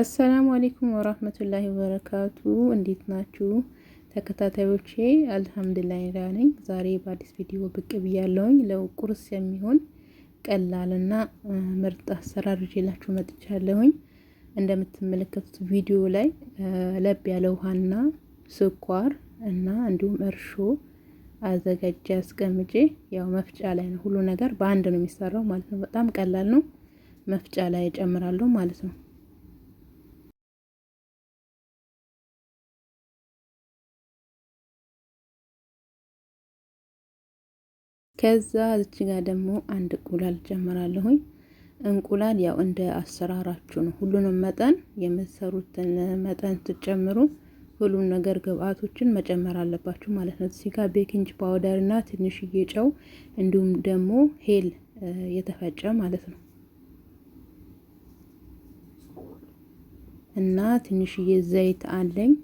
አሰላሙ አሌይኩም ወራህመቱላሂ ወበረካቱ። እንዴት ናችሁ ተከታታዮቼ? አልሐምዱሊላህ ላ ነኝ። ዛሬ በአዲስ ቪዲዮ ብቅ ብያለሁኝ። ለቁርስ የሚሆን ቀላልና ምርጥ አሰራር ይዤላችሁ መጥቻለሁኝ። እንደምትመለከቱት ቪዲዮ ላይ ለብ ያለ ውሃና ስኳር እና እንዲሁም እርሾ አዘጋጅ አስቀምጬ፣ ያው መፍጫ ላይ ነው ሁሉ ነገር በአንድ ነው የሚሰራው ማለት ነው። በጣም ቀላል ነው። መፍጫ ላይ እጨምራለሁ ማለት ነው። ከዛ እዚህ ጋር ደግሞ አንድ እንቁላል ጀምራለሁኝ። እንቁላል ያው እንደ አሰራራችሁ ነው። ሁሉንም መጠን የምትሰሩትን መጠን ስትጨምሩ ሁሉም ነገር ግብአቶችን መጨመር አለባችሁ ማለት ነው። እዚህ ጋር ቤኪንግ ፓውደር እና ትንሽዬ ጨው እንዲሁም ደግሞ ሄል የተፈጨ ማለት ነው እና ትንሽዬ ዘይት አለኝ።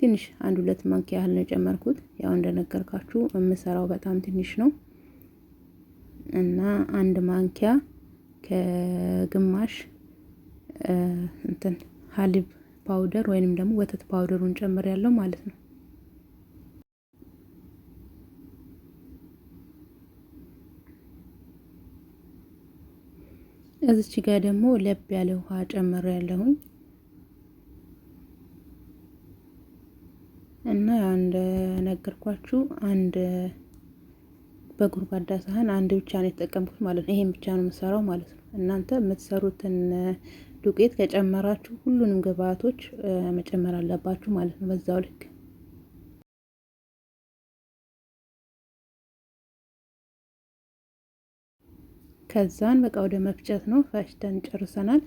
ትንሽ አንድ ሁለት ማንኪያ ያህል ነው የጨመርኩት። ያው እንደነገርካችሁ የምሰራው በጣም ትንሽ ነው። እና አንድ ማንኪያ ከግማሽ እንትን ሀሊብ ፓውደር ወይንም ደግሞ ወተት ፓውደሩን ጨምር ያለው ማለት ነው። እዚች ጋ ደግሞ ለብ ያለ ውሃ ጨምር ያለሁኝ እና እንደነገርኳችሁ አንድ በጎድጓዳ ሳህን አንድ ብቻ ነው የተጠቀምኩት ማለት ነው። ይሄን ብቻ ነው የምሰራው ማለት ነው። እናንተ የምትሰሩትን ዱቄት ከጨመራችሁ ሁሉንም ግብአቶች መጨመር አለባችሁ ማለት ነው በዛው ልክ ከዛን በቃ ወደ መፍጨት ነው። ፈጭተን ጨርሰናል።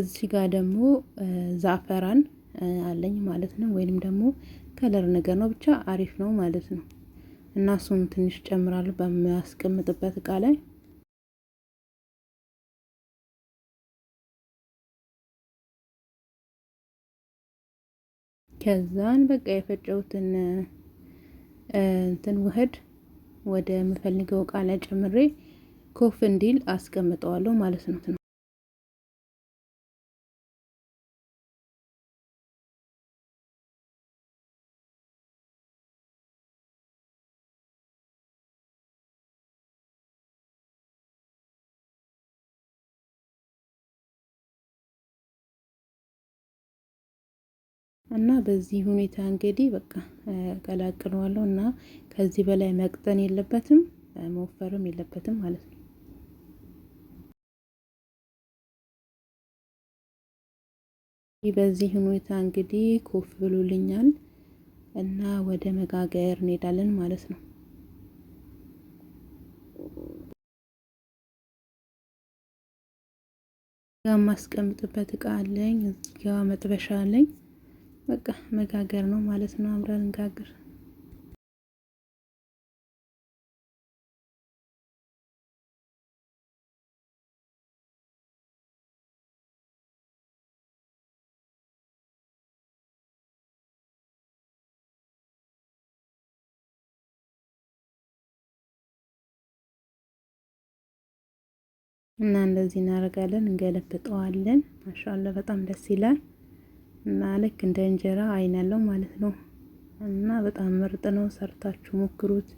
እዚህ ጋር ደግሞ ዛፈራን አለኝ ማለት ነው፣ ወይንም ደግሞ ከለር ነገር ነው ብቻ አሪፍ ነው ማለት ነው። እና እሱን ትንሽ ጨምራል በሚያስቀምጥበት እቃ ላይ ከዛን በቃ የፈጨሁትን እንትን ውህድ ወደ ምፈልገው እቃ ላይ ጨምሬ ኮፍ እንዲል አስቀምጠዋለሁ ማለት ነው። እና በዚህ ሁኔታ እንግዲህ በቃ ቀላቅለዋለሁ እና ከዚህ በላይ መቅጠን የለበትም መወፈርም የለበትም ማለት ነው። በዚህ ሁኔታ እንግዲህ ኮፍ ብሎልኛል እና ወደ መጋገር እንሄዳለን ማለት ነው። ማስቀምጥበት የማስቀምጥበት እቃ አለኝ። እዚህ መጥበሻ አለኝ። በቃ መጋገር ነው ማለት ነው። አብረን እንጋግር። እና እንደዚህ እናደርጋለን፣ እንገለብጠዋለን። ማሻአላ በጣም ደስ ይላል። እና ልክ እንደ እንጀራ አይን ያለው ማለት ነው እና በጣም ምርጥ ነው። ሰርታችሁ ሞክሩት።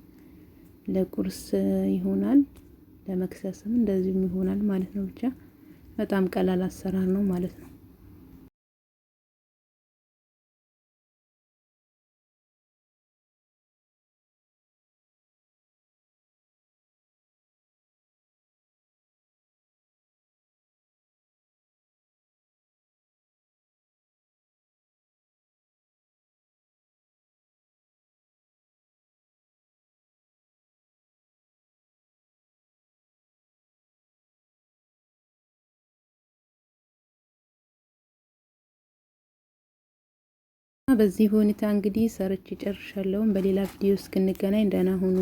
ለቁርስ ይሆናል፣ ለመክሰስም እንደዚሁም ይሆናል ማለት ነው። ብቻ በጣም ቀላል አሰራር ነው ማለት ነው። በዚህ ሁኔታ እንግዲህ ሰርች ጨርሻለሁ። በሌላ ቪዲዮ እስክንገናኝ ደህና ሁኑ።